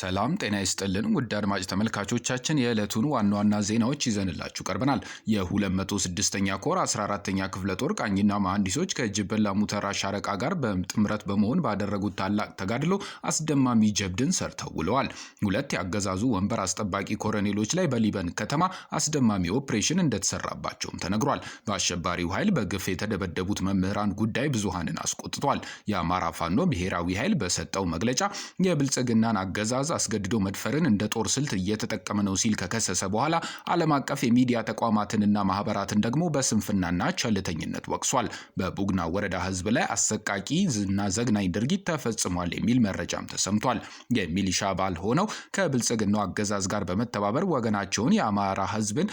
ሰላም ጤና ይስጥልን ውድ አድማጭ ተመልካቾቻችን የዕለቱን ዋና ዋና ዜናዎች ይዘንላችሁ ቀርበናል። የ206ኛ ኮር 14ኛ ክፍለ ጦር ቃኝና መሐንዲሶች ከጅበላ ሙተራ ሻረቃ ጋር በጥምረት በመሆን ባደረጉት ታላቅ ተጋድሎ አስደማሚ ጀብድን ሰርተው ውለዋል። ሁለት የአገዛዙ ወንበር አስጠባቂ ኮረኔሎች ላይ በሊበን ከተማ አስደማሚ ኦፕሬሽን እንደተሰራባቸውም ተነግሯል። በአሸባሪው ኃይል በግፍ የተደበደቡት መምህራን ጉዳይ ብዙሃንን አስቆጥቷል። የአማራ ፋኖ ብሔራዊ ኃይል በሰጠው መግለጫ የብልጽግናን አገዛዝ አገዛዝ አስገድዶ መድፈርን እንደ ጦር ስልት እየተጠቀመ ነው ሲል ከከሰሰ በኋላ ዓለም አቀፍ የሚዲያ ተቋማትንና ማህበራትን ደግሞ በስንፍናና ቸልተኝነት ወቅሷል። በቡግና ወረዳ ህዝብ ላይ አሰቃቂ እና ዘግናኝ ድርጊት ተፈጽሟል የሚል መረጃም ተሰምቷል። የሚሊሻ አባል ሆነው ከብልጽግናው አገዛዝ ጋር በመተባበር ወገናቸውን የአማራ ህዝብን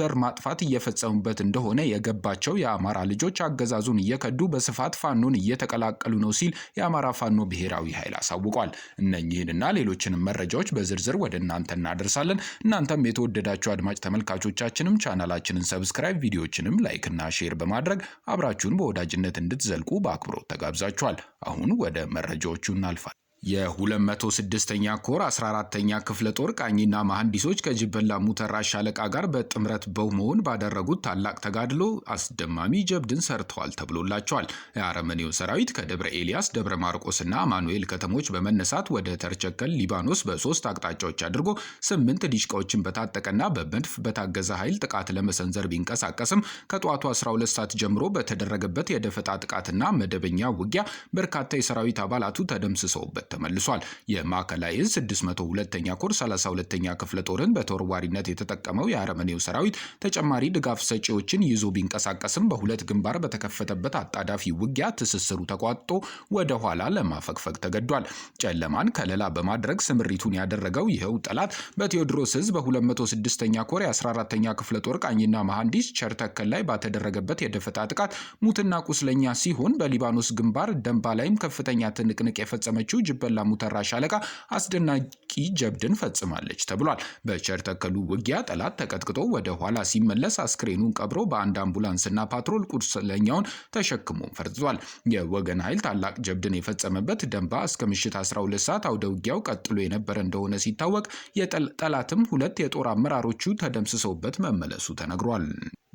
ዘር ማጥፋት እየፈጸሙበት እንደሆነ የገባቸው የአማራ ልጆች አገዛዙን እየከዱ በስፋት ፋኖን እየተቀላቀሉ ነው ሲል የአማራ ፋኖ ብሔራዊ ኃይል አሳውቋል። እነኚህንና ሌሎች ሌሎችንም መረጃዎች በዝርዝር ወደ እናንተ እናደርሳለን። እናንተም የተወደዳችሁ አድማጭ ተመልካቾቻችንም ቻናላችንን ሰብስክራይብ፣ ቪዲዮችንም እና ሼር በማድረግ አብራችሁን በወዳጅነት እንድትዘልቁ በአክብሮት ተጋብዛችኋል። አሁን ወደ መረጃዎቹ እናልፋለን። የ206ኛ ኮር 14ኛ ክፍለ ጦር ቃኝና መሐንዲሶች ከጅበላ ሙተራ ሻለቃ ጋር በጥምረት በመሆን ባደረጉት ታላቅ ተጋድሎ አስደማሚ ጀብድን ሰርተዋል ተብሎላቸዋል። የአረመኔው ሰራዊት ከደብረ ኤልያስ፣ ደብረ ማርቆስና አማኑኤል ከተሞች በመነሳት ወደ ተርቸከል ሊባኖስ በሶስት አቅጣጫዎች አድርጎ ስምንት ዲሽቃዎችን በታጠቀና በመድፍ በታገዘ ኃይል ጥቃት ለመሰንዘር ቢንቀሳቀስም ከጠዋቱ 12 ሰዓት ጀምሮ በተደረገበት የደፈጣ ጥቃትና መደበኛ ውጊያ በርካታ የሰራዊት አባላቱ ተደምስሰውበት ተመልሷል። የማዕከላዊ እዝ 602ኛ ኮር 32ኛ ክፍለ ጦርን በተወርዋሪነት የተጠቀመው የአረመኔው ሰራዊት ተጨማሪ ድጋፍ ሰጪዎችን ይዞ ቢንቀሳቀስም በሁለት ግንባር በተከፈተበት አጣዳፊ ውጊያ ትስስሩ ተቋጦ ወደ ኋላ ለማፈግፈግ ተገዷል። ጨለማን ከለላ በማድረግ ስምሪቱን ያደረገው ይኸው ጠላት በቴዎድሮስ እዝ በ206ኛ ኮር የ14ኛ ክፍለ ጦር ቃኝና መሐንዲስ ቸርተከል ላይ ባተደረገበት የደፈጣ ጥቃት ሙትና ቁስለኛ ሲሆን በሊባኖስ ግንባር ደንባ ላይም ከፍተኛ ትንቅንቅ የፈጸመችው የበላ ሙተራ ሻለቃ አስደናቂ ጀብድን ፈጽማለች ተብሏል። በቸር ተከሉ ውጊያ ጠላት ተቀጥቅጦ ወደ ኋላ ሲመለስ አስክሬኑን ቀብሮ በአንድ አምቡላንስና ፓትሮል ቁስለኛውን ተሸክሞ ፈርጥቷል። የወገን ኃይል ታላቅ ጀብድን የፈጸመበት ደንባ እስከ ምሽት 12 ሰዓት አውደ ውጊያው ቀጥሎ የነበረ እንደሆነ ሲታወቅ፣ የጠላትም ሁለት የጦር አመራሮቹ ተደምስሰውበት መመለሱ ተነግሯል።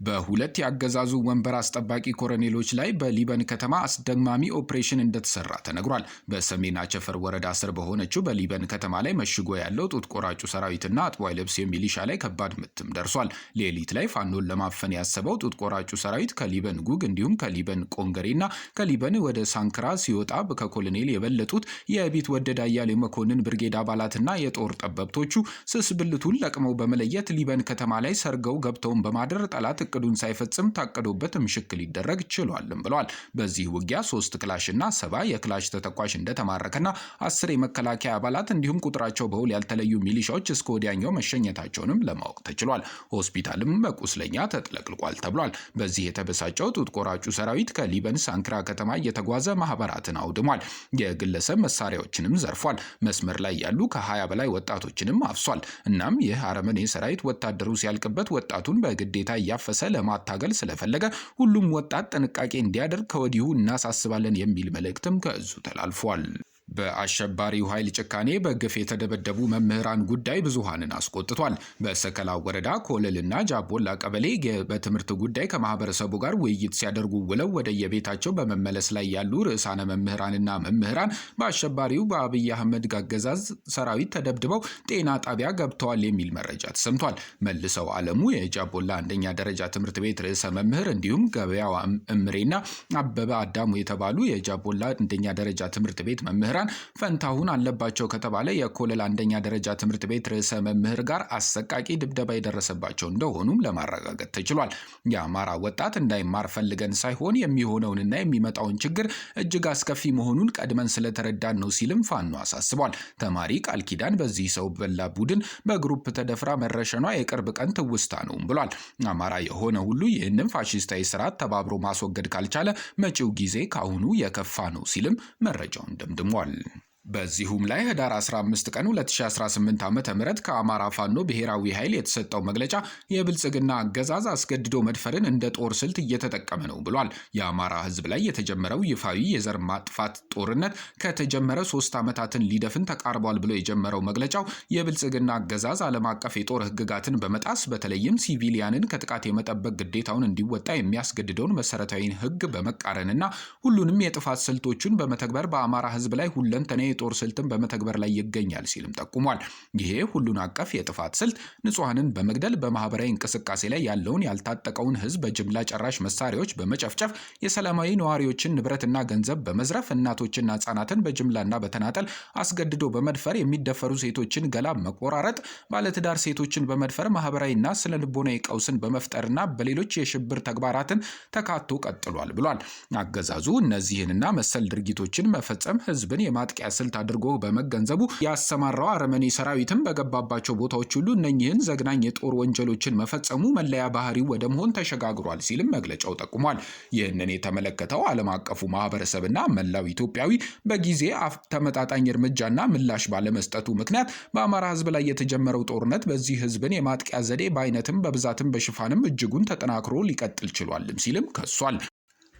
በሁለት የአገዛዙ ወንበር አስጠባቂ ኮሎኔሎች ላይ በሊበን ከተማ አስደማሚ ኦፕሬሽን እንደተሰራ ተነግሯል። በሰሜን አቸፈር ወረዳ ስር በሆነችው በሊበን ከተማ ላይ መሽጎ ያለው ጡት ቆራጩ ሰራዊትና አጥቧይ ልብስ የሚሊሻ ላይ ከባድ ምትም ደርሷል። ሌሊት ላይ ፋኖን ለማፈን ያሰበው ጡት ቆራጩ ሰራዊት ከሊበን ጉግ እንዲሁም ከሊበን ቆንገሬና ከሊበን ወደ ሳንክራ ሲወጣ ከኮሎኔል የበለጡት የቢት ወደድ አያሌ መኮንን ብርጌድ አባላትና የጦር ጠበብቶቹ ስስ ብልቱን ለቅመው በመለየት ሊበን ከተማ ላይ ሰርገው ገብተውን በማደር ጠላት እቅዱን ሳይፈጽም ታቅዶበት ምሽግ ሊደረግ ችሏልም ብለዋል። በዚህ ውጊያ ሶስት ክላሽና ሰባ የክላሽ ተተኳሽ እንደተማረከና አስር የመከላከያ አባላት እንዲሁም ቁጥራቸው በውል ያልተለዩ ሚሊሻዎች እስከ ወዲያኛው መሸኘታቸውንም ለማወቅ ተችሏል። ሆስፒታልም በቁስለኛ ተጥለቅልቋል ተብሏል። በዚህ የተበሳጨው ጡት ቆራጩ ሰራዊት ከሊበን ሳንክራ ከተማ እየተጓዘ ማህበራትን አውድሟል። የግለሰብ መሳሪያዎችንም ዘርፏል። መስመር ላይ ያሉ ከሀያ በላይ ወጣቶችንም አፍሷል። እናም ይህ አረመኔ ሰራዊት ወታደሩ ሲያልቅበት ወጣቱን በግዴታ እያፈሰ እየቀነሰ ለማታገል ስለፈለገ ሁሉም ወጣት ጥንቃቄ እንዲያደርግ ከወዲሁ እናሳስባለን የሚል መልእክትም ከእዙ ተላልፏል። በአሸባሪው ኃይል ጭካኔ በግፍ የተደበደቡ መምህራን ጉዳይ ብዙሃንን አስቆጥቷል። በሰከላ ወረዳ ኮለልና ጃቦላ ቀበሌ በትምህርት ጉዳይ ከማህበረሰቡ ጋር ውይይት ሲያደርጉ ውለው ወደ የቤታቸው በመመለስ ላይ ያሉ ርዕሳነ መምህራንና መምህራን በአሸባሪው በአብይ አህመድ አገዛዝ ሰራዊት ተደብድበው ጤና ጣቢያ ገብተዋል የሚል መረጃ ተሰምቷል። መልሰው አለሙ የጃቦላ አንደኛ ደረጃ ትምህርት ቤት ርዕሰ መምህር እንዲሁም ገበያው እምሬና አበበ አዳሙ የተባሉ የጃቦላ አንደኛ ደረጃ ትምህርት ቤት መምህራን መምህራን ፈንታሁን አለባቸው ከተባለ የኮለል አንደኛ ደረጃ ትምህርት ቤት ርዕሰ መምህር ጋር አሰቃቂ ድብደባ የደረሰባቸው እንደሆኑም ለማረጋገጥ ተችሏል። የአማራ ወጣት እንዳይማር ፈልገን ሳይሆን የሚሆነውንና የሚመጣውን ችግር እጅግ አስከፊ መሆኑን ቀድመን ስለተረዳን ነው ሲልም ፋኖ አሳስቧል። ተማሪ ቃል ኪዳን በዚህ ሰው በላ ቡድን በግሩፕ ተደፍራ መረሸኗ የቅርብ ቀን ትውስታ ነውም ብሏል። አማራ የሆነ ሁሉ ይህንም ፋሽስታዊ ስርዓት ተባብሮ ማስወገድ ካልቻለ መጪው ጊዜ ከአሁኑ የከፋ ነው ሲልም መረጃውን ደምድሟል። um, በዚሁም ላይ ህዳር 15 ቀን 2018 ዓ ም ከአማራ ፋኖ ብሔራዊ ኃይል የተሰጠው መግለጫ የብልጽግና አገዛዝ አስገድዶ መድፈርን እንደ ጦር ስልት እየተጠቀመ ነው ብሏል። የአማራ ህዝብ ላይ የተጀመረው ይፋዊ የዘር ማጥፋት ጦርነት ከተጀመረ ሶስት ዓመታትን ሊደፍን ተቃርቧል ብሎ የጀመረው መግለጫው የብልጽግና አገዛዝ ዓለም አቀፍ የጦር ህግጋትን በመጣስ በተለይም ሲቪሊያንን ከጥቃት የመጠበቅ ግዴታውን እንዲወጣ የሚያስገድደውን መሰረታዊ ህግ በመቃረንና ሁሉንም የጥፋት ስልቶቹን በመተግበር በአማራ ህዝብ ላይ ሁለንተና የጦር ስልትም በመተግበር ላይ ይገኛል ሲልም ጠቁሟል። ይሄ ሁሉን አቀፍ የጥፋት ስልት ንጹሐንን በመግደል በማህበራዊ እንቅስቃሴ ላይ ያለውን ያልታጠቀውን ህዝብ በጅምላ ጨራሽ መሳሪያዎች በመጨፍጨፍ የሰላማዊ ነዋሪዎችን ንብረትና ገንዘብ በመዝረፍ እናቶችና ህጻናትን በጅምላና በተናጠል አስገድዶ በመድፈር የሚደፈሩ ሴቶችን ገላ መቆራረጥ፣ ባለትዳር ሴቶችን በመድፈር ማህበራዊና ስነ ልቦናዊ ቀውስን በመፍጠርና በሌሎች የሽብር ተግባራትን ተካቶ ቀጥሏል ብሏል። አገዛዙ እነዚህንና መሰል ድርጊቶችን መፈጸም ህዝብን የማጥቂያ ስልት ስልት አድርጎ በመገንዘቡ ያሰማራው አረመኔ ሰራዊትም በገባባቸው ቦታዎች ሁሉ እነኚህን ዘግናኝ የጦር ወንጀሎችን መፈጸሙ መለያ ባህሪው ወደ መሆን ተሸጋግሯል ሲልም መግለጫው ጠቁሟል። ይህንን የተመለከተው ዓለም አቀፉ ማህበረሰብና መላው ኢትዮጵያዊ በጊዜ ተመጣጣኝ እርምጃና ምላሽ ባለመስጠቱ ምክንያት በአማራ ህዝብ ላይ የተጀመረው ጦርነት በዚህ ህዝብን የማጥቂያ ዘዴ በአይነትም በብዛትም በሽፋንም እጅጉን ተጠናክሮ ሊቀጥል ችሏልም ሲልም ከሷል።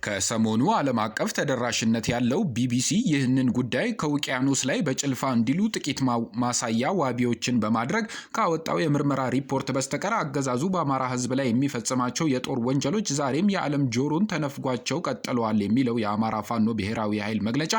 ከሰሞኑ ዓለም አቀፍ ተደራሽነት ያለው ቢቢሲ ይህንን ጉዳይ ከውቅያኖስ ላይ በጭልፋ እንዲሉ ጥቂት ማሳያ ዋቢዎችን በማድረግ ካወጣው የምርመራ ሪፖርት በስተቀር አገዛዙ በአማራ ሕዝብ ላይ የሚፈጽማቸው የጦር ወንጀሎች ዛሬም የዓለም ጆሮን ተነፍጓቸው ቀጥለዋል የሚለው የአማራ ፋኖ ብሔራዊ ኃይል መግለጫ፣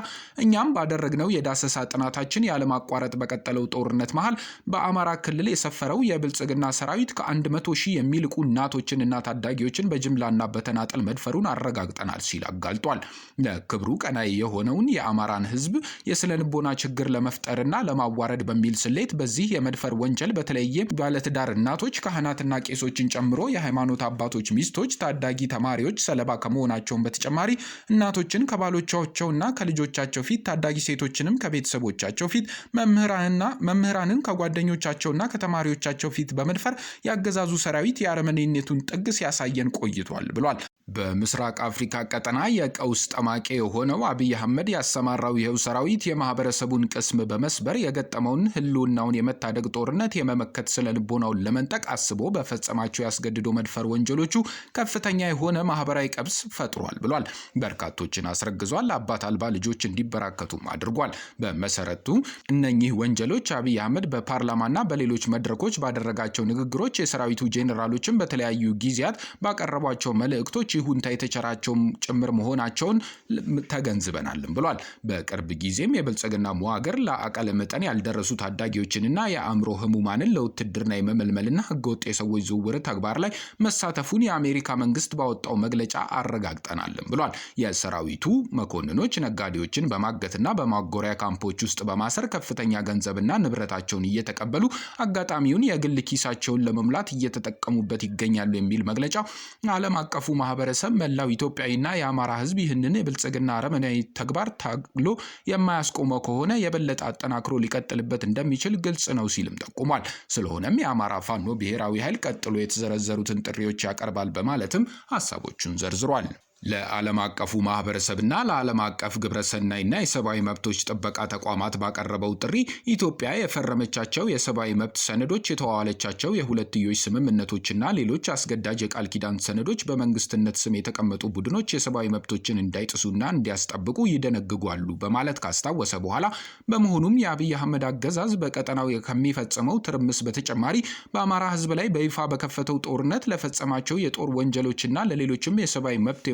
እኛም ባደረግነው የዳሰሳ ጥናታችን ያለማቋረጥ በቀጠለው ጦርነት መሃል በአማራ ክልል የሰፈረው የብልጽግና ሰራዊት ከ100 ሺህ የሚልቁ እናቶችንና ታዳጊዎችን በጅምላና በተናጠል መድፈሩን አረጋግጠናል። ይሆናል ሲል አጋልጧል። ለክብሩ ቀናይ የሆነውን የአማራን ህዝብ የስነ ልቦና ችግር ለመፍጠርና ለማዋረድ በሚል ስሌት በዚህ የመድፈር ወንጀል በተለየ ባለትዳር እናቶች፣ ካህናትና ቄሶችን ጨምሮ የሃይማኖት አባቶች ሚስቶች፣ ታዳጊ ተማሪዎች ሰለባ ከመሆናቸውን በተጨማሪ እናቶችን ከባሎቻቸውና ከልጆቻቸው ፊት፣ ታዳጊ ሴቶችንም ከቤተሰቦቻቸው ፊት፣ መምህራንን ከጓደኞቻቸውና ከተማሪዎቻቸው ፊት በመድፈር ያገዛዙ ሰራዊት የአረመኔነቱን ጥግ ሲያሳየን ቆይቷል ብሏል። በምስራቅ አፍሪካ ቀጠና የቀውስ ጠማቂ የሆነው አብይ አህመድ ያሰማራው ይኸው ሰራዊት የማህበረሰቡን ቅስም በመስበር የገጠመውን ህልውናውን የመታደግ ጦርነት የመመከት ስነ ልቦናውን ለመንጠቅ አስቦ በፈጸማቸው ያስገድዶ መድፈር ወንጀሎቹ ከፍተኛ የሆነ ማህበራዊ ቀብስ ፈጥሯል ብሏል። በርካቶችን አስረግዟል። አባት አልባ ልጆች እንዲበራከቱም አድርጓል። በመሰረቱ እነኚህ ወንጀሎች አብይ አህመድ በፓርላማና በሌሎች መድረኮች ባደረጋቸው ንግግሮች የሰራዊቱ ጄኔራሎችን በተለያዩ ጊዜያት ባቀረቧቸው መልእክቶች ሁንታ የተቸራቸውም ጭምር መሆናቸውን ተገንዝበናልም ብሏል። በቅርብ ጊዜም የብልጽግና መዋገር ለአቃለ መጠን ያልደረሱ ታዳጊዎችንና የአእምሮ ህሙማንን ለውትድርና የመመልመልና ህገወጥ የሰዎች ዝውውር ተግባር ላይ መሳተፉን የአሜሪካ መንግስት ባወጣው መግለጫ አረጋግጠናልም ብሏል። የሰራዊቱ መኮንኖች ነጋዴዎችን በማገትና በማጎሪያ ካምፖች ውስጥ በማሰር ከፍተኛ ገንዘብና ንብረታቸውን እየተቀበሉ አጋጣሚውን የግል ኪሳቸውን ለመሙላት እየተጠቀሙበት ይገኛሉ የሚል መግለጫ ዓለም አቀፉ ማህበረ ማህበረሰብ፣ መላው ኢትዮጵያዊና የአማራ ህዝብ ይህንን የብልጽግና አረመናዊ ተግባር ታግሎ የማያስቆመው ከሆነ የበለጠ አጠናክሮ ሊቀጥልበት እንደሚችል ግልጽ ነው ሲልም ጠቁሟል። ስለሆነም የአማራ ፋኖ ብሔራዊ ኃይል ቀጥሎ የተዘረዘሩትን ጥሪዎች ያቀርባል በማለትም ሀሳቦቹን ዘርዝሯል። ለዓለም አቀፉ ማህበረሰብና ለዓለም አቀፍ ግብረሰናይና የሰብአዊ መብቶች ጥበቃ ተቋማት ባቀረበው ጥሪ ኢትዮጵያ የፈረመቻቸው የሰብአዊ መብት ሰነዶች፣ የተዋዋለቻቸው የሁለትዮሽ ስምምነቶችና ሌሎች አስገዳጅ የቃል ኪዳን ሰነዶች በመንግስትነት ስም የተቀመጡ ቡድኖች የሰብአዊ መብቶችን እንዳይጥሱና እንዲያስጠብቁ ይደነግጓሉ በማለት ካስታወሰ በኋላ በመሆኑም የአብይ አህመድ አገዛዝ በቀጠናው ከሚፈጽመው ትርምስ በተጨማሪ በአማራ ህዝብ ላይ በይፋ በከፈተው ጦርነት ለፈጸማቸው የጦር ወንጀሎችና ለሌሎችም የሰብአዊ መብት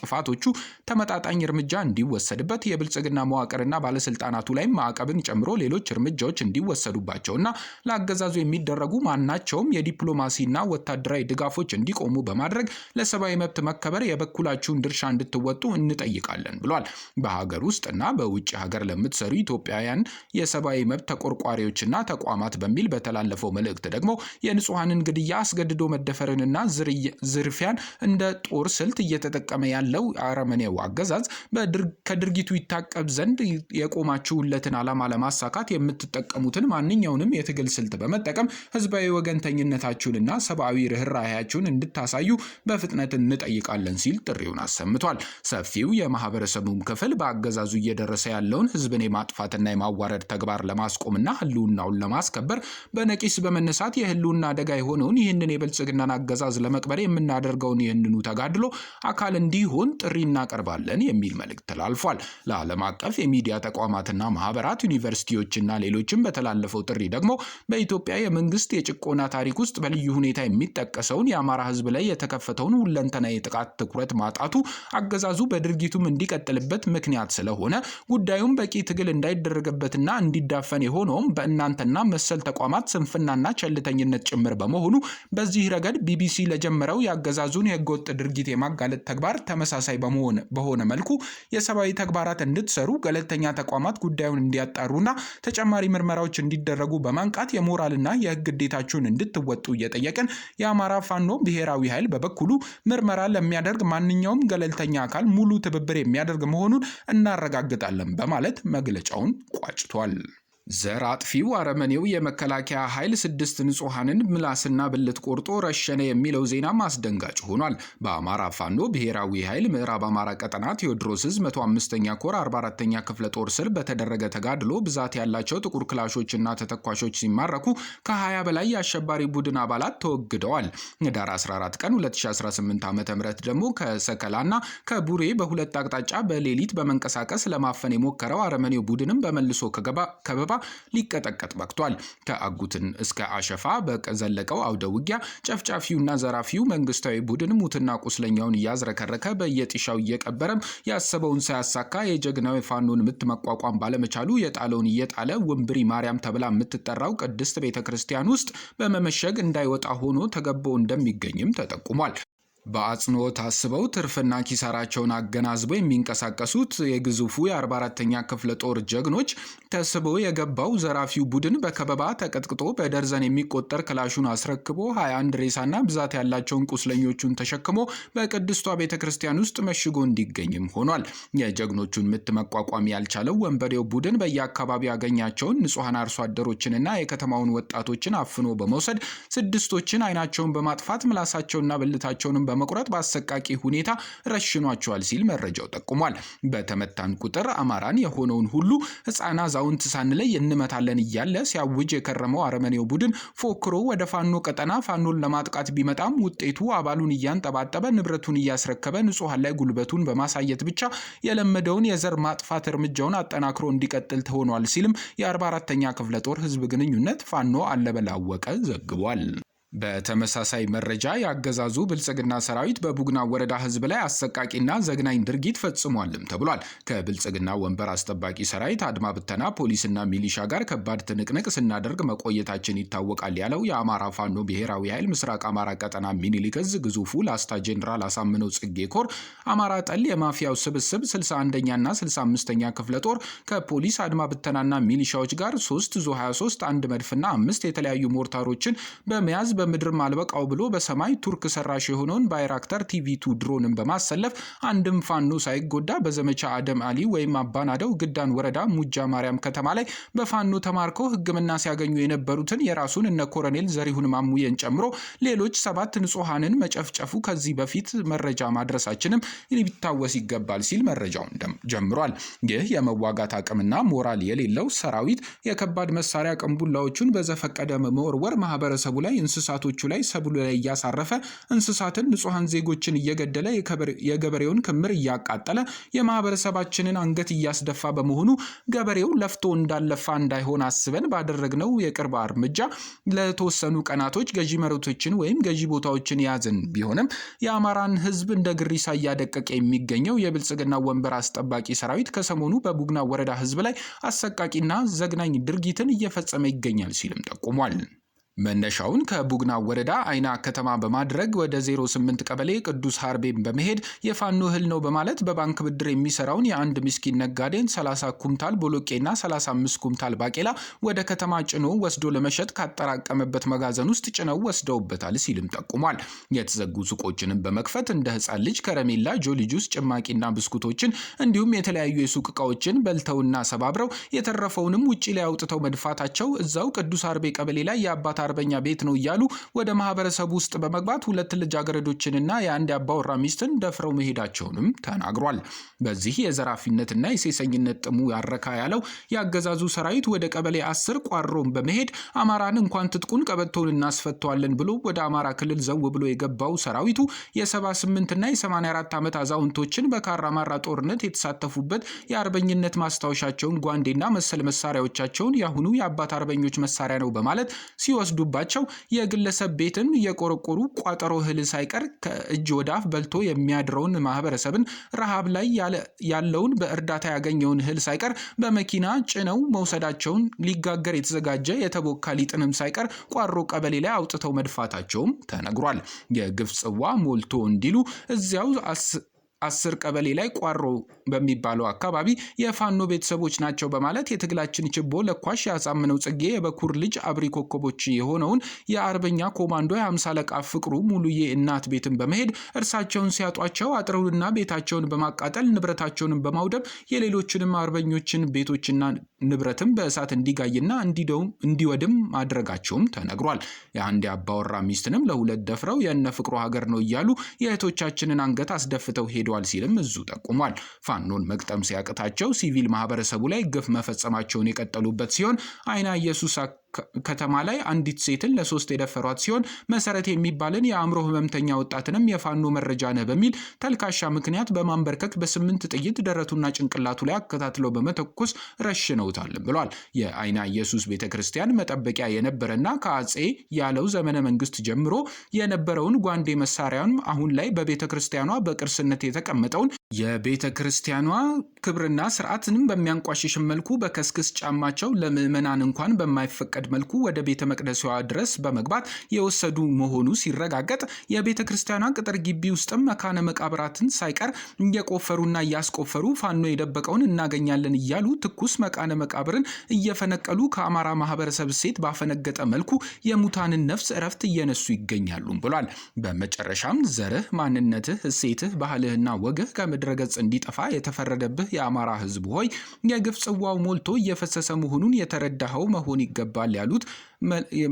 ጥፋቶቹ ተመጣጣኝ እርምጃ እንዲወሰድበት የብልጽግና መዋቅርና ባለስልጣናቱ ላይ ማዕቀብን ጨምሮ ሌሎች እርምጃዎች እንዲወሰዱባቸውና ለአገዛዙ የሚደረጉ ማናቸውም የዲፕሎማሲና ወታደራዊ ድጋፎች እንዲቆሙ በማድረግ ለሰብአዊ መብት መከበር የበኩላችሁን ድርሻ እንድትወጡ እንጠይቃለን ብሏል። በሀገር ውስጥና በውጭ ሀገር ለምትሰሩ ኢትዮጵያውያን የሰብአዊ መብት ተቆርቋሪዎችና ተቋማት በሚል በተላለፈው መልእክት ደግሞ የንጹሐንን ግድያ፣ አስገድዶ መደፈርንና ዝርፊያን እንደ ጦር ስልት እየተጠቀመ ዓላማ ያለው አረመኔው አገዛዝ ከድርጊቱ ይታቀብ ዘንድ የቆማችሁለትን ዓላማ ለማሳካት የምትጠቀሙትን ማንኛውንም የትግል ስልት በመጠቀም ህዝባዊ ወገንተኝነታችሁንና ሰብአዊ ርኅራኄያችሁን እንድታሳዩ በፍጥነት እንጠይቃለን ሲል ጥሪውን አሰምቷል። ሰፊው የማህበረሰቡም ክፍል በአገዛዙ እየደረሰ ያለውን ህዝብን የማጥፋትና የማዋረድ ተግባር ለማስቆምና ህልውናውን ለማስከበር በነቂስ በመነሳት የህልውና አደጋ የሆነውን ይህንን የብልጽግናን አገዛዝ ለመቅበር የምናደርገውን ይህንኑ ተጋድሎ አካል እንዲ እንዲሆን ጥሪ እናቀርባለን የሚል መልእክት ተላልፏል። ለዓለም አቀፍ የሚዲያ ተቋማትና ማህበራት፣ ዩኒቨርሲቲዎችና ሌሎችም በተላለፈው ጥሪ ደግሞ በኢትዮጵያ የመንግስት የጭቆና ታሪክ ውስጥ በልዩ ሁኔታ የሚጠቀሰውን የአማራ ህዝብ ላይ የተከፈተውን ሁለንተና የጥቃት ትኩረት ማጣቱ አገዛዙ በድርጊቱም እንዲቀጥልበት ምክንያት ስለሆነ ጉዳዩም በቂ ትግል እንዳይደረግበትና እንዲዳፈን የሆነውም በእናንተና መሰል ተቋማት ስንፍናና ቸልተኝነት ጭምር በመሆኑ በዚህ ረገድ ቢቢሲ ለጀመረው የአገዛዙን የህገወጥ ድርጊት የማጋለጥ ተግባር ተመሳሳይ በሆነ መልኩ የሰብአዊ ተግባራት እንድትሰሩ ገለልተኛ ተቋማት ጉዳዩን እንዲያጣሩና ተጨማሪ ምርመራዎች እንዲደረጉ በማንቃት የሞራልና የህግ ግዴታችሁን እንድትወጡ እየጠየቅን የአማራ ፋኖ ብሔራዊ ኃይል በበኩሉ ምርመራ ለሚያደርግ ማንኛውም ገለልተኛ አካል ሙሉ ትብብር የሚያደርግ መሆኑን እናረጋግጣለን በማለት መግለጫውን ቋጭቷል። ዘር አጥፊው አረመኔው የመከላከያ ኃይል ስድስት ንጹሐንን ምላስና ብልት ቆርጦ ረሸነ የሚለው ዜናም አስደንጋጭ ሆኗል። በአማራ ፋኖ ብሔራዊ ኃይል ምዕራብ አማራ ቀጠና ቴዎድሮስ ዝ 15 ኛ ኮር 44ኛ ክፍለ ጦር ስር በተደረገ ተጋድሎ ብዛት ያላቸው ጥቁር ክላሾችና ተተኳሾች ሲማረኩ ከ20 በላይ የአሸባሪ ቡድን አባላት ተወግደዋል። ህዳር 14 ቀን 2018 ዓ.ም ደግሞ ከሰከላና ከቡሬ በሁለት አቅጣጫ በሌሊት በመንቀሳቀስ ለማፈን የሞከረው አረመኔው ቡድንም በመልሶ ከበባ ሊቀጠቀጥ በቅቷል። ከአጉትን እስከ አሸፋ በዘለቀው አውደ ውጊያ ጨፍጫፊውና ዘራፊው መንግስታዊ ቡድን ሙትና ቁስለኛውን እያዝረከረከ በየጢሻው እየቀበረም ያሰበውን ሳያሳካ የጀግናዊ ፋኖን ምት መቋቋም ባለመቻሉ የጣለውን እየጣለ ወንብሪ ማርያም ተብላ የምትጠራው ቅድስት ቤተ ክርስቲያን ውስጥ በመመሸግ እንዳይወጣ ሆኖ ተገቦ እንደሚገኝም ተጠቁሟል። በአጽንኦት አስበው ትርፍና ኪሳራቸውን አገናዝበው የሚንቀሳቀሱት የግዙፉ የ44ኛ ክፍለ ጦር ጀግኖች ተስበው የገባው ዘራፊው ቡድን በከበባ ተቀጥቅጦ በደርዘን የሚቆጠር ክላሹን አስረክቦ 21 ሬሳና ብዛት ያላቸውን ቁስለኞቹን ተሸክሞ በቅድስቷ ቤተ ክርስቲያን ውስጥ መሽጎ እንዲገኝም ሆኗል። የጀግኖቹን ምት መቋቋም ያልቻለው ወንበዴው ቡድን በየአካባቢው ያገኛቸውን ንጹሐን አርሶ አደሮችንና የከተማውን ወጣቶችን አፍኖ በመውሰድ ስድስቶችን አይናቸውን በማጥፋት ምላሳቸውንና ብልታቸውንም በመቁረጥ በአሰቃቂ ሁኔታ ረሽኗቸዋል ሲል መረጃው ጠቁሟል። በተመታን ቁጥር አማራን የሆነውን ሁሉ ሕፃን አዛውንት ሳንለይ እንመታለን እያለ ሲያውጅ የከረመው አረመኔው ቡድን ፎክሮ ወደ ፋኖ ቀጠና ፋኖን ለማጥቃት ቢመጣም ውጤቱ አባሉን እያንጠባጠበ ንብረቱን እያስረከበ ንጹሐን ላይ ጉልበቱን በማሳየት ብቻ የለመደውን የዘር ማጥፋት እርምጃውን አጠናክሮ እንዲቀጥል ተሆኗል ሲልም የ44ኛ ክፍለ ጦር ህዝብ ግንኙነት ፋኖ አለበላወቀ ዘግቧል። በተመሳሳይ መረጃ የአገዛዙ ብልጽግና ሰራዊት በቡግና ወረዳ ህዝብ ላይ አሰቃቂና ዘግናኝ ድርጊት ፈጽሟልም ተብሏል። ከብልጽግና ወንበር አስጠባቂ ሰራዊት አድማ ብተና፣ ፖሊስና ሚሊሻ ጋር ከባድ ትንቅንቅ ስናደርግ መቆየታችን ይታወቃል ያለው የአማራ ፋኖ ብሔራዊ ኃይል ምስራቅ አማራ ቀጠና ሚኒሊክ እዝ ግዙፉ ላስታ ጄኔራል አሳምነው ጽጌ ኮር አማራ ጠል የማፊያው ስብስብ 61ኛና 65ኛ ክፍለ ጦር ከፖሊስ አድማ ብተናና ሚሊሻዎች ጋር 3 ዙ 23 አንድ መድፍና አምስት የተለያዩ ሞርታሮችን በመያዝ በምድርም አልበቃው ብሎ በሰማይ ቱርክ ሰራሽ የሆነውን ባይራክታር ቲቪቱ ድሮንን በማሰለፍ አንድም ፋኖ ሳይጎዳ በዘመቻ አደም አሊ ወይም አባናደው ግዳን ወረዳ ሙጃ ማርያም ከተማ ላይ በፋኖ ተማርከው ሕክምና ሲያገኙ የነበሩትን የራሱን እነ ኮረኔል ዘሪሁን ማሙዬን ጨምሮ ሌሎች ሰባት ንጹሐንን መጨፍጨፉ ከዚህ በፊት መረጃ ማድረሳችንም ሊታወስ ይገባል ሲል መረጃውን ጀምሯል። ይህ የመዋጋት አቅምና ሞራል የሌለው ሰራዊት የከባድ መሳሪያ ቅንቡላዎቹን በዘፈቀደ መወርወር ማህበረሰቡ ላይ እንስሳ እንስሳቶቹ ላይ ሰብሉ ላይ እያሳረፈ እንስሳትን፣ ንጹሐን ዜጎችን እየገደለ የገበሬውን ክምር እያቃጠለ የማህበረሰባችንን አንገት እያስደፋ በመሆኑ ገበሬው ለፍቶ እንዳለፋ እንዳይሆን አስበን ባደረግነው የቅርባ እርምጃ ለተወሰኑ ቀናቶች ገዢ መሬቶችን ወይም ገዢ ቦታዎችን የያዝን ቢሆንም የአማራን ህዝብ እንደ ግሪሳ እያደቀቀ የሚገኘው የብልጽግና ወንበር አስጠባቂ ሰራዊት ከሰሞኑ በቡግና ወረዳ ህዝብ ላይ አሰቃቂና ዘግናኝ ድርጊትን እየፈጸመ ይገኛል ሲልም ጠቁሟል። መነሻውን ከቡግና ወረዳ አይና ከተማ በማድረግ ወደ 08 ቀበሌ ቅዱስ ሀርቤን በመሄድ የፋኖ እህል ነው በማለት በባንክ ብድር የሚሰራውን የአንድ ምስኪን ነጋዴን 30 ኩምታል ቦሎቄና 35 ኩምታል ባቄላ ወደ ከተማ ጭኖ ወስዶ ለመሸጥ ካጠራቀመበት መጋዘን ውስጥ ጭነው ወስደውበታል ሲልም ጠቁሟል። የተዘጉ ሱቆችንም በመክፈት እንደ ህፃን ልጅ ከረሜላ፣ ጆሊ ጁስ፣ ጭማቂና ብስኩቶችን እንዲሁም የተለያዩ የሱቅ እቃዎችን በልተውና ሰባብረው የተረፈውንም ውጭ ላይ አውጥተው መድፋታቸው እዛው ቅዱስ ሀርቤ ቀበሌ ላይ የአባታ አርበኛ ቤት ነው እያሉ ወደ ማህበረሰቡ ውስጥ በመግባት ሁለት ልጃገረዶችንና የአንድ አባወራ ሚስትን ደፍረው መሄዳቸውንም ተናግሯል። በዚህ የዘራፊነትና የሴሰኝነት ጥሙ ያረካ ያለው የአገዛዙ ሰራዊት ወደ ቀበሌ አስር ቋሮም በመሄድ አማራን እንኳን ትጥቁን ቀበቶን እናስፈተዋለን ብሎ ወደ አማራ ክልል ዘው ብሎ የገባው ሰራዊቱ የ78ና የ84 ዓመት አዛውንቶችን በካራማራ ጦርነት የተሳተፉበት የአርበኝነት ማስታወሻቸውን ጓንዴና መሰል መሳሪያዎቻቸውን የአሁኑ የአባት አርበኞች መሳሪያ ነው በማለት ሲወስዱ ሲወስዱባቸው የግለሰብ ቤትን የቆረቆሩ ቋጠሮ እህል ሳይቀር ከእጅ ወዳፍ በልቶ የሚያድረውን ማህበረሰብን ረሃብ ላይ ያለውን በእርዳታ ያገኘውን እህል ሳይቀር በመኪና ጭነው መውሰዳቸውን ሊጋገር የተዘጋጀ የተቦካ ሊጥንም ሳይቀር ቋሮ ቀበሌ ላይ አውጥተው መድፋታቸውም ተነግሯል። የግፍ ጽዋ ሞልቶ እንዲሉ እዚያው አስር ቀበሌ ላይ ቋሮ በሚባለው አካባቢ የፋኖ ቤተሰቦች ናቸው በማለት የትግላችን ችቦ ለኳሽ ያሳምነው ጽጌ የበኩር ልጅ አብሪ ኮከቦች የሆነውን የአርበኛ ኮማንዶ የአምሳ አለቃ ፍቅሩ ሙሉዬ እናት ቤትን በመሄድ እርሳቸውን ሲያጧቸው አጥረውንና ቤታቸውን በማቃጠል ንብረታቸውንም በማውደም የሌሎችንም አርበኞችን ቤቶችና ንብረትም በእሳት እንዲጋይና እንዲወድም ማድረጋቸውም ተነግሯል። የአንድ የአባወራ ሚስትንም ለሁለት ደፍረው የእነ ፍቅሩ ሀገር ነው እያሉ የእህቶቻችንን አንገት አስደፍተው ሄደዋል ተገድደዋል ሲልም እዙ ጠቁሟል። ፋኖን መቅጠም ሲያቅታቸው ሲቪል ማህበረሰቡ ላይ ግፍ መፈጸማቸውን የቀጠሉበት ሲሆን አይና ኢየሱስ ከተማ ላይ አንዲት ሴትን ለሶስት የደፈሯት ሲሆን መሰረት የሚባልን የአእምሮ ህመምተኛ ወጣትንም የፋኖ መረጃ ነህ በሚል ተልካሻ ምክንያት በማንበርከክ በስምንት ጥይት ደረቱና ጭንቅላቱ ላይ አከታትለው በመተኮስ ረሽነውታልም ብሏል። የአይና ኢየሱስ ቤተ ክርስቲያን መጠበቂያ የነበረና ከአጼ ያለው ዘመነ መንግስት ጀምሮ የነበረውን ጓንዴ መሳሪያም አሁን ላይ በቤተ ክርስቲያኗ በቅርስነት የተቀመጠውን የቤተ ክርስቲያኗ ክብርና ስርዓትንም በሚያንቋሽሽ መልኩ በከስክስ ጫማቸው ለምዕመናን እንኳን በማይፈቀድ በሚፈቅድ መልኩ ወደ ቤተ መቅደሷ ድረስ በመግባት የወሰዱ መሆኑ ሲረጋገጥ የቤተ ክርስቲያኗ ቅጥር ግቢ ውስጥም መካነ መቃብራትን ሳይቀር እየቆፈሩና እያስቆፈሩ ፋኖ የደበቀውን እናገኛለን እያሉ ትኩስ መካነ መቃብርን እየፈነቀሉ ከአማራ ማህበረሰብ ሴት ባፈነገጠ መልኩ የሙታንን ነፍስ እረፍት እየነሱ ይገኛሉ ብሏል። በመጨረሻም ዘርህ፣ ማንነትህ፣ እሴትህ፣ ባህልህና ወግህ ከምድረገጽ እንዲጠፋ የተፈረደብህ የአማራ ህዝብ ሆይ የግፍ ጽዋው ሞልቶ እየፈሰሰ መሆኑን የተረዳኸው መሆን ይገባል à l'autre,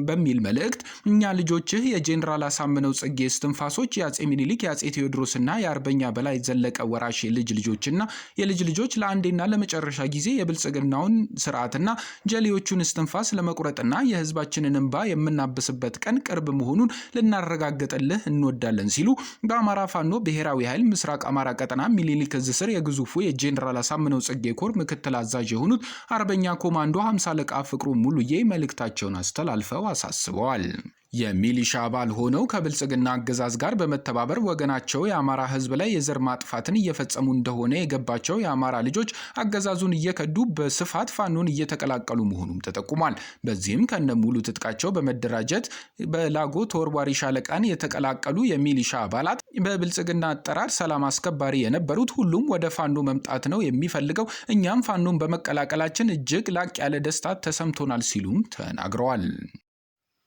በሚል መልእክት እኛ ልጆችህ የጄኔራል አሳምነው ጽጌ እስትንፋሶች፣ የአጼ ሚኒሊክ፣ የአጼ ቴዎድሮስና የአርበኛ በላይ ዘለቀ ወራሽ የልጅ ልጆችና የልጅ ልጆች ለአንዴና ለመጨረሻ ጊዜ የብልጽግናውን ስርዓትና ጀሌዎቹን እስትንፋስ ለመቁረጥና የህዝባችንን እንባ የምናብስበት ቀን ቅርብ መሆኑን ልናረጋግጥልህ እንወዳለን ሲሉ በአማራ ፋኖ ብሔራዊ ኃይል ምስራቅ አማራ ቀጠና ሚኒሊክ እዝ ስር የግዙፉ የጄኔራል አሳምነው ጽጌ ኮር ምክትል አዛዥ የሆኑት አርበኛ ኮማንዶ ሀምሳ አለቃ ፍቅሩ ሙሉዬ መልእክታቸውን አስተ طلع الفواص عالصوالم የሚሊሻ አባል ሆነው ከብልጽግና አገዛዝ ጋር በመተባበር ወገናቸው የአማራ ህዝብ ላይ የዘር ማጥፋትን እየፈጸሙ እንደሆነ የገባቸው የአማራ ልጆች አገዛዙን እየከዱ በስፋት ፋኖን እየተቀላቀሉ መሆኑም ተጠቁሟል። በዚህም ከነ ሙሉ ትጥቃቸው በመደራጀት በላጎ ተወርዋሪ ሻለቃን የተቀላቀሉ የሚሊሻ አባላት በብልጽግና አጠራር ሰላም አስከባሪ የነበሩት ሁሉም ወደ ፋኖ መምጣት ነው የሚፈልገው፣ እኛም ፋኖን በመቀላቀላችን እጅግ ላቅ ያለ ደስታ ተሰምቶናል ሲሉም ተናግረዋል።